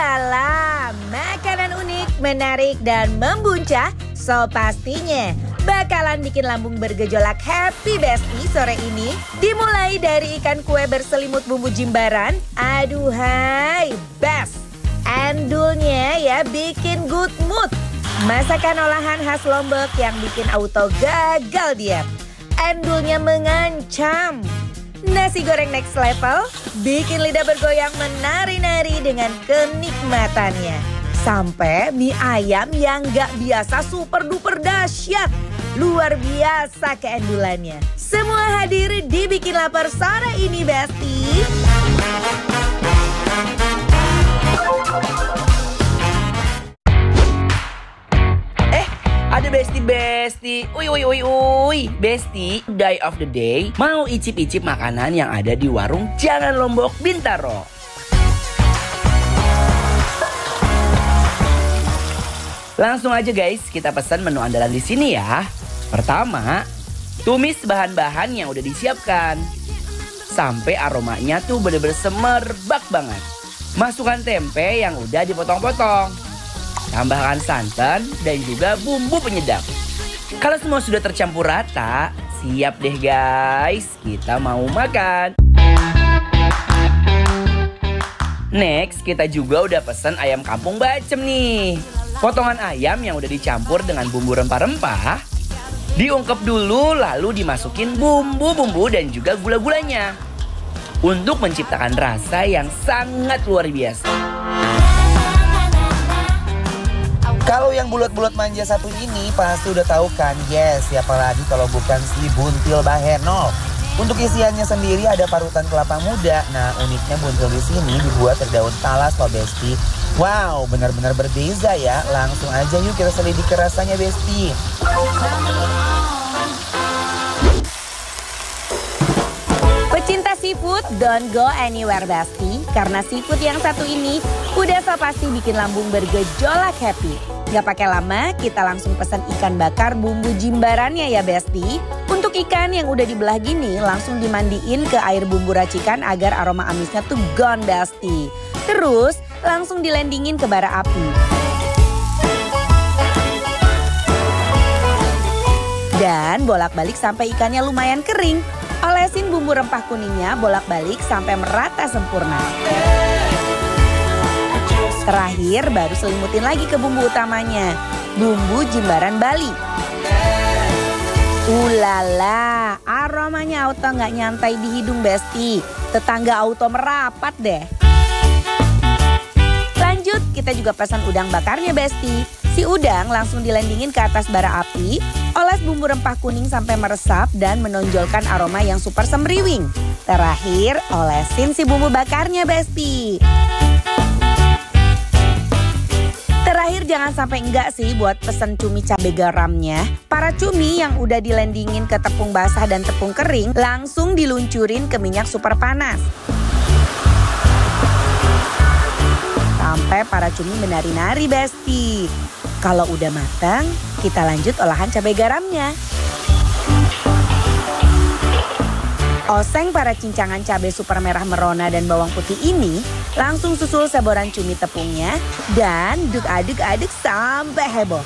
Ulala, makanan unik, menarik dan membuncah, so pastinya bakalan bikin lambung bergejolak happy besti sore ini. Dimulai dari ikan kue berselimut bumbu jimbaran, aduhai, best. Endulnya ya bikin good mood. Masakan olahan khas Lombok yang bikin auto gagal diet. Endulnya mengancam, Nasi goreng next level, bikin lidah bergoyang menari-nari dengan kenikmatannya. Sampai mie ayam yang gak biasa super duper dahsyat. Luar biasa keendulannya. Semua hadir dibikin lapar sore ini, Besti. Bestie Bestie, ui ui ui ui, Bestie, day of the day mau icip-icip makanan yang ada di warung Jangan Lombok Bintaro. Langsung aja guys, kita pesan menu andalan di sini ya. Pertama, tumis bahan-bahan yang udah disiapkan. Sampai aromanya tuh bener-bener semerbak banget. Masukkan tempe yang udah dipotong-potong Tambahkan santan dan juga bumbu penyedap. Kalau semua sudah tercampur rata, siap deh guys, kita mau makan. Next, kita juga udah pesan ayam kampung bacem nih. Potongan ayam yang udah dicampur dengan bumbu rempah-rempah, diungkep dulu lalu dimasukin bumbu-bumbu dan juga gula-gulanya. Untuk menciptakan rasa yang sangat luar biasa. Kalau yang bulat-bulat manja satu ini pasti udah tahu kan, yes, siapa lagi kalau bukan si buntil baheno. Untuk isiannya sendiri ada parutan kelapa muda. Nah, uniknya buntil di sini dibuat dari daun talas loh, Besti. Wow, benar-benar berbeza ya. Langsung aja yuk kita selidiki rasanya, Besti. seafood, don't go anywhere bestie. Karena seafood yang satu ini udah so pasti bikin lambung bergejolak happy. Gak pakai lama, kita langsung pesan ikan bakar bumbu jimbarannya ya bestie. Untuk ikan yang udah dibelah gini, langsung dimandiin ke air bumbu racikan agar aroma amisnya tuh gone bestie. Terus, langsung dilendingin ke bara api. dan bolak-balik sampai ikannya lumayan kering. Olesin bumbu rempah kuningnya bolak-balik sampai merata sempurna. Terakhir baru selimutin lagi ke bumbu utamanya, bumbu jimbaran Bali. Ulala, aromanya auto nggak nyantai di hidung Besti. Tetangga auto merapat deh. Lanjut, kita juga pesan udang bakarnya Besti. Si udang langsung dilandingin ke atas bara api, oles bumbu rempah kuning sampai meresap dan menonjolkan aroma yang super semriwing. Terakhir, olesin si bumbu bakarnya, Besti. Terakhir jangan sampai enggak sih buat pesen cumi cabai garamnya. Para cumi yang udah dilandingin ke tepung basah dan tepung kering langsung diluncurin ke minyak super panas. Sampai para cumi menari-nari besti. Kalau udah matang, kita lanjut olahan cabai garamnya. Oseng para cincangan cabai super merah merona dan bawang putih ini langsung susul saboran cumi tepungnya dan duk aduk-aduk sampai heboh.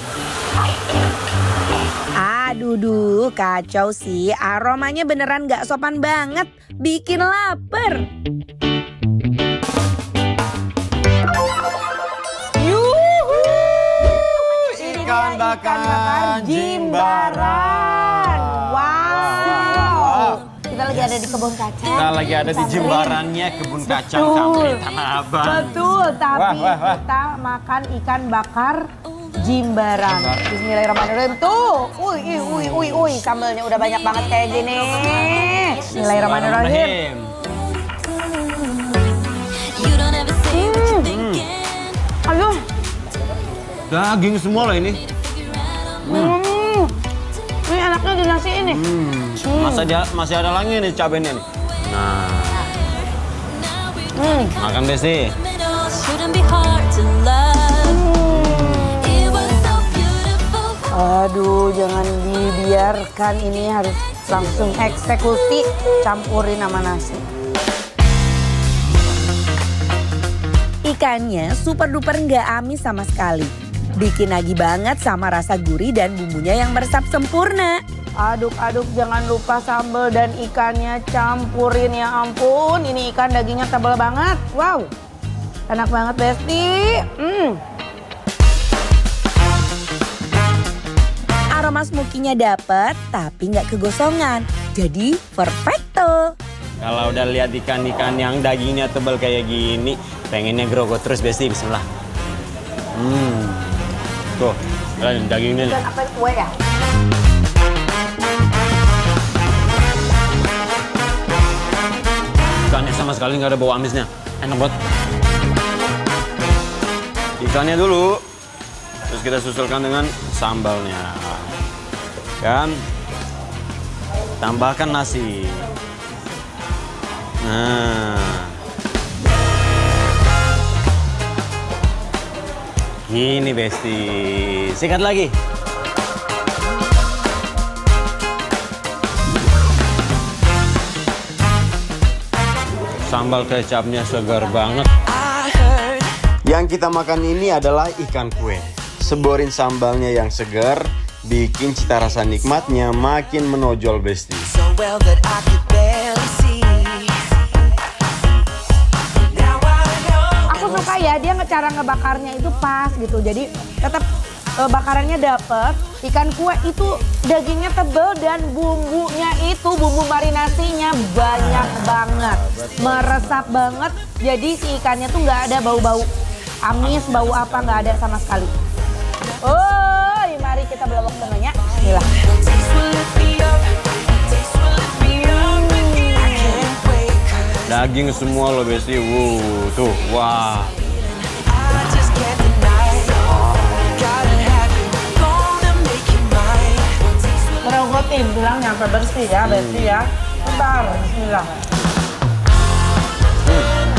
Aduh, duh, kacau sih. Aromanya beneran gak sopan banget. Bikin lapar. makan, makan Jimbaran. Wow. wow. wow. Kita lagi yes. ada di kebun kacang. Kita lagi ada di Jimbarannya kebun kacang Tamrin Tanah Abang. Betul, tapi wah, wah, wah. kita makan ikan bakar Jimbaran. Bismillahirrahmanirrahim. Tuh, uy, uy, uy, uy, uy. Sambalnya udah banyak banget kayak gini. Bismillahirrahmanirrahim. Hmm. Daging semua loh ini. Hmm. hmm. Ini enaknya di nasi ini. Hmm. Masa dia, masih ada lagi nih cabenya nih. Nah. Hmm. Makan besi. Aduh, jangan dibiarkan ini harus langsung eksekusi campurin sama nasi. Ikannya super duper nggak amis sama sekali. Bikin lagi banget sama rasa gurih dan bumbunya yang meresap sempurna. Aduk-aduk jangan lupa sambal dan ikannya campurin ya ampun. Ini ikan dagingnya tebal banget. Wow. Enak banget Besti. Hmm. Aroma smokinya dapet tapi nggak kegosongan. Jadi perfecto. Kalau udah lihat ikan-ikan yang dagingnya tebal kayak gini, pengennya grogo terus Besti bismillah. Hmm. Tuh, kan dagingnya nih. apa kue ya? Ikannya sama sekali nggak ada bau amisnya. Enak banget. Ikannya dulu. Terus kita susulkan dengan sambalnya. Kan? Tambahkan nasi. Nah. Gini, Besti. Sikat lagi. Sambal kecapnya segar banget. Yang kita makan ini adalah ikan kue. Seborin sambalnya yang segar, bikin cita rasa nikmatnya makin menonjol, Besti. So well suka ya dia cara ngebakarnya itu pas gitu. Jadi tetap uh, e, bakarannya dapet. Ikan kuah itu dagingnya tebel dan bumbunya itu bumbu marinasinya banyak banget, meresap banget. Jadi si ikannya tuh nggak ada bau-bau amis, bau apa nggak ada sama sekali. Oh, mari kita belok tengahnya. Inilah. Daging semua loh besi. Wow, tuh, wah. bilang nyampe bersih ya, bersih ya. Bentar, bismillah. Hmm.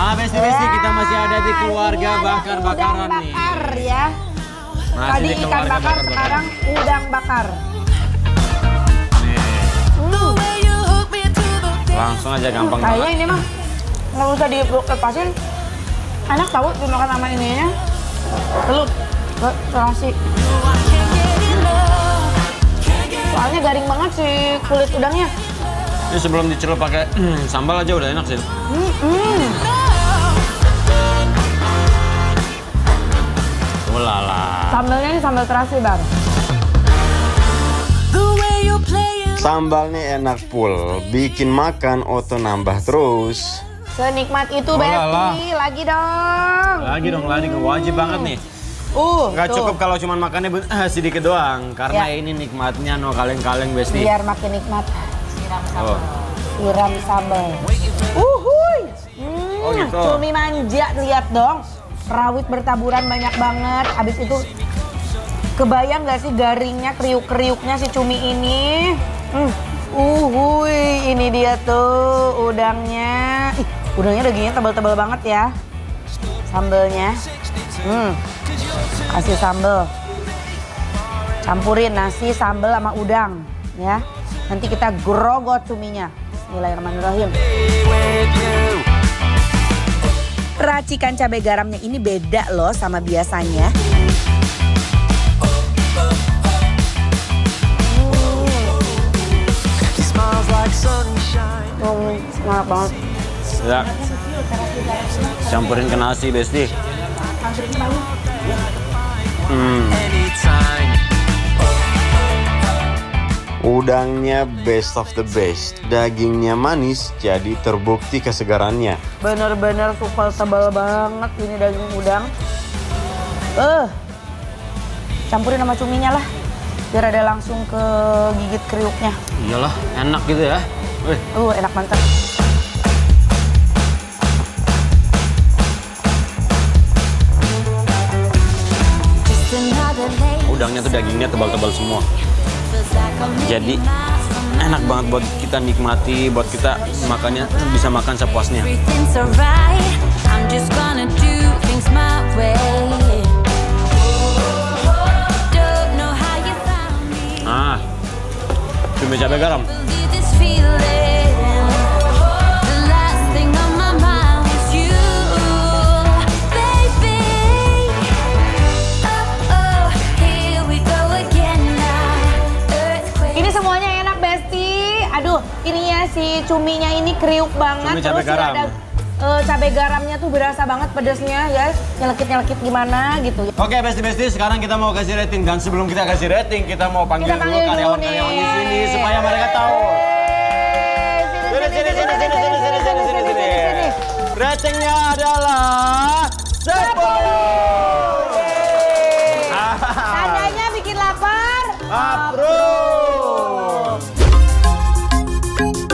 Ah, besi-besi kita masih ada di keluarga iya, bakar-bakaran bakar, nih. Bakar ya. Masih Tadi ikan bakar, bakar, sekarang udang bakar. Langsung aja gampang nah, banget. Kayaknya ini mah nggak usah dilepasin. Enak tahu dimakan sama ininya. Telur, sih. Soalnya garing banget sih kulit udangnya. Ini sebelum dicelup pakai hmm, sambal aja udah enak sih. Hmm, hmm. Ulala. Sambalnya ini sambal terasi, Bang. Sambalnya enak full, bikin makan oto nambah terus. Senikmat itu oh, Betty, lagi dong. Lagi dong, lagi wajib banget nih. Uh, Gak cukup kalau cuma makannya uh, sedikit doang, karena ya. ini nikmatnya no kaleng-kaleng Besti. Biar makin nikmat. Siram sambal. Oh. Siram sambal. Uhuy. Hmm, oh gitu. Cumi manja, lihat dong. Rawit bertaburan banyak banget. Abis itu kebayang gak sih garingnya, kriuk-kriuknya si cumi ini? Hmm. Uhuy, ini dia tuh udangnya. Ih, udangnya dagingnya tebal-tebal banget ya. Sambelnya. Hmm. Kasih sambel. Campurin nasi sambel sama udang ya. Nanti kita grogot cuminya. Bismillahirrahmanirrahim. Racikan cabai garamnya ini beda loh sama biasanya. banget. Ya. Campurin ke nasi, Besti. Hmm. Udangnya best of the best, dagingnya manis jadi terbukti kesegarannya. benar-benar super tebal banget ini daging udang. Eh, uh, campurin sama cuminya lah biar ada langsung ke gigit kriuknya. Iyalah, enak gitu ya. Uh, enak mantap. Udangnya tuh dagingnya tebal-tebal semua. Jadi enak banget buat kita nikmati, buat kita makannya bisa makan sepuasnya. I'm just gonna do things my way. Ini semuanya enak Besti. Aduh, ini ya si cuminya ini kriuk banget uh, cabai garamnya tuh berasa banget pedesnya ya nyelekit-nyelekit gimana gitu. Oke besti-besti sekarang kita mau kasih rating dan sebelum kita kasih rating kita mau panggil, kita panggil dulu karyawan-karyawan di sini supaya mereka tahu. Sini sini sini sini sini sini sini sini Ratingnya adalah sepuluh. Tandanya bikin lapar. Approve.